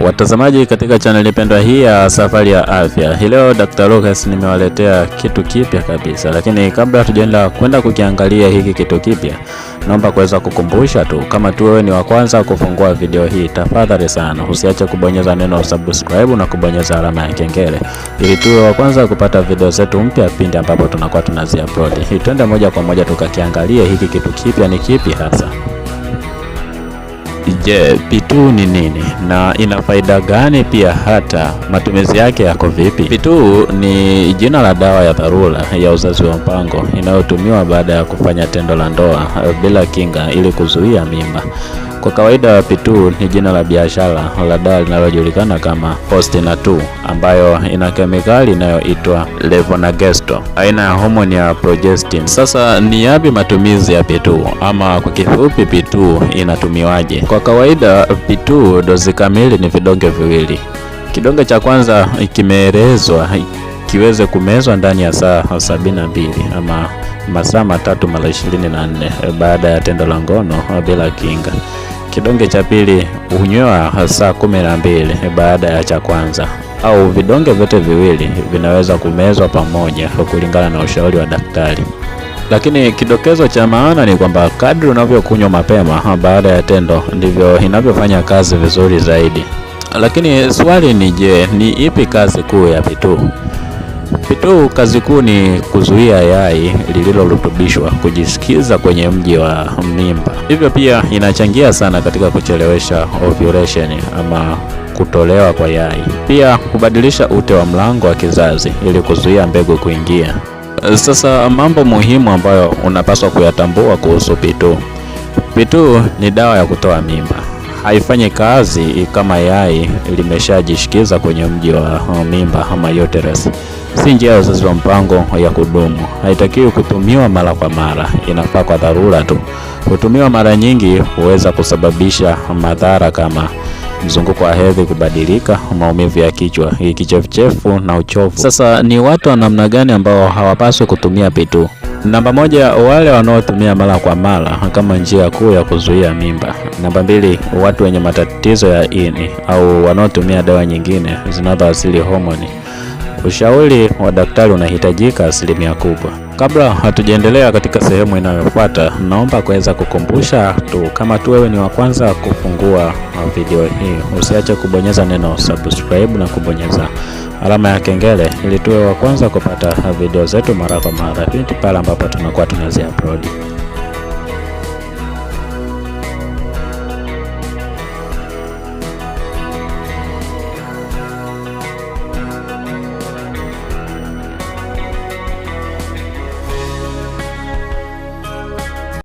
Watazamaji katika chaneli pendwa hii ya Safari ya Afya, hii leo Dr. Lucas nimewaletea kitu kipya kabisa, lakini kabla hatujaenda kwenda kukiangalia hiki kitu kipya, naomba kuweza kukumbusha tu, kama tu wewe ni wa kwanza kufungua video hii, tafadhali sana usiache kubonyeza neno subscribe na kubonyeza alama ya kengele ili tuwe wa kwanza kupata video zetu mpya pindi ambapo tunakuwa tunazi upload. Hii twende moja kwa moja tukakiangalia hiki kitu kipya ni kipi hasa. Je, P2 ni nini na ina faida gani? Pia hata matumizi yake yako vipi? P2 ni jina la dawa ya dharura ya uzazi wa mpango inayotumiwa baada ya kufanya tendo la ndoa bila kinga ili kuzuia mimba. Kwa kawaida P2 ni jina la biashara la dawa linalojulikana kama Postina 2 ambayo ina kemikali inayoitwa levonorgestrel, aina ya homoni ya progestin. Sasa ni yapi matumizi ya P2 ama kwa kifupi P2 inatumiwaje? Kwa kawaida P2 dozi kamili ni vidonge viwili. Kidonge cha kwanza kimeelezwa kiweze kumezwa ndani ya saa 72 ama masaa matatu mara 24 baada ya tendo la ngono bila kinga. Kidonge cha pili hunywewa saa kumi na mbili baada ya cha kwanza au vidonge vyote viwili vinaweza kumezwa pamoja kulingana na ushauri wa daktari. Lakini kidokezo cha maana ni kwamba kadri unavyokunywa mapema baada ya tendo ndivyo inavyofanya kazi vizuri zaidi. Lakini swali ni je, ni ipi kazi kuu ya p Pituu kazi kuu ni kuzuia yai lililorutubishwa kujisikiza kwenye mji wa mimba, hivyo pia inachangia sana katika kuchelewesha ovulation ama kutolewa kwa yai, pia kubadilisha ute wa mlango wa kizazi ili kuzuia mbegu kuingia. Sasa mambo muhimu ambayo unapaswa kuyatambua kuhusu Pituu. Pituu ni dawa ya kutoa mimba, haifanyi kazi kama yai limeshajishikiza kwenye mji wa mimba ama uterus si njia ya uzazi wa mpango ya kudumu. Haitakiwi kutumiwa mara kwa mara, inafaa kwa dharura tu. Kutumiwa mara nyingi huweza kusababisha madhara kama mzunguko wa hedhi kubadilika, maumivu ya kichwa, kichefuchefu na uchovu. Sasa ni watu wa namna gani ambao hawapaswi kutumia pitu? Namba moja, wale wanaotumia mara kwa mara kama njia kuu ya kuzuia mimba. Namba mbili, watu wenye matatizo ya ini au wanaotumia dawa nyingine zinazoasili homoni. Ushauri wa daktari unahitajika asilimia kubwa. Kabla hatujaendelea katika sehemu inayofuata, naomba kuweza kukumbusha tu, kama tu wewe ni wa kwanza kufungua video hii, usiache kubonyeza neno subscribe na kubonyeza alama ya kengele ili tuwe wa kwanza kupata video zetu mara kwa mara pindi pale ambapo tunakuwa tunazi upload.